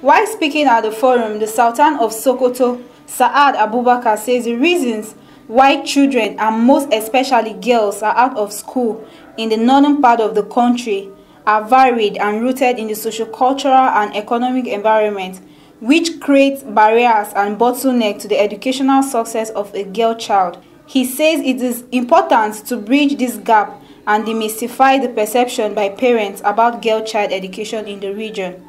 While speaking at the forum, the Sultan of Sokoto, Saad Abubakar, says the reasons why children and most especially girls are out of school in the northern part of the country are varied and rooted in the sociocultural cultural and economic environment which creates barriers and bottlenecks to the educational success of a girl child. He says it is important to bridge this gap and demystify the perception by parents about girl child education in the region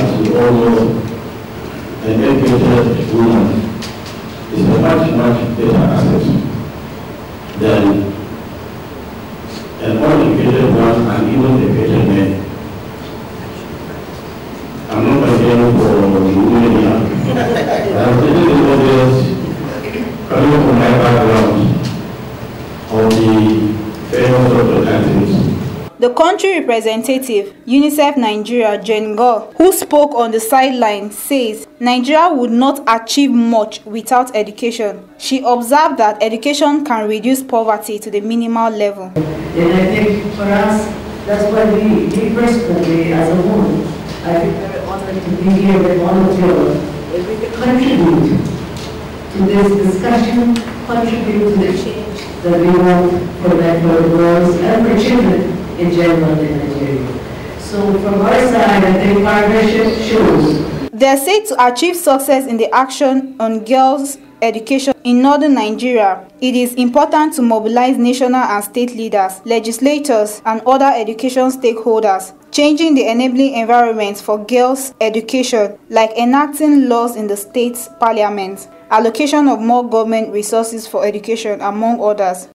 as we all know, an educated woman is a much, much better asset than an uneducated one and even educated man. I'm not again for Romania. I'm taking the audience coming from my background on the failures of the countries. The country representative, UNICEF Nigeria, Jen Gore, who spoke on the sideline, says Nigeria would not achieve much without education. She observed that education can reduce poverty to the minimal level. And I think for us, that's why we, we personally, as a woman, I feel very honored to be here with all of you. If we can contribute to this discussion, contribute to the change that we want for better girls and for children in general in Nigeria. So from our side, I think partnership shows. They are said to achieve success in the action on girls' education in northern Nigeria. It is important to mobilize national and state leaders, legislators, and other education stakeholders, changing the enabling environment for girls' education, like enacting laws in the state's parliament, allocation of more government resources for education, among others.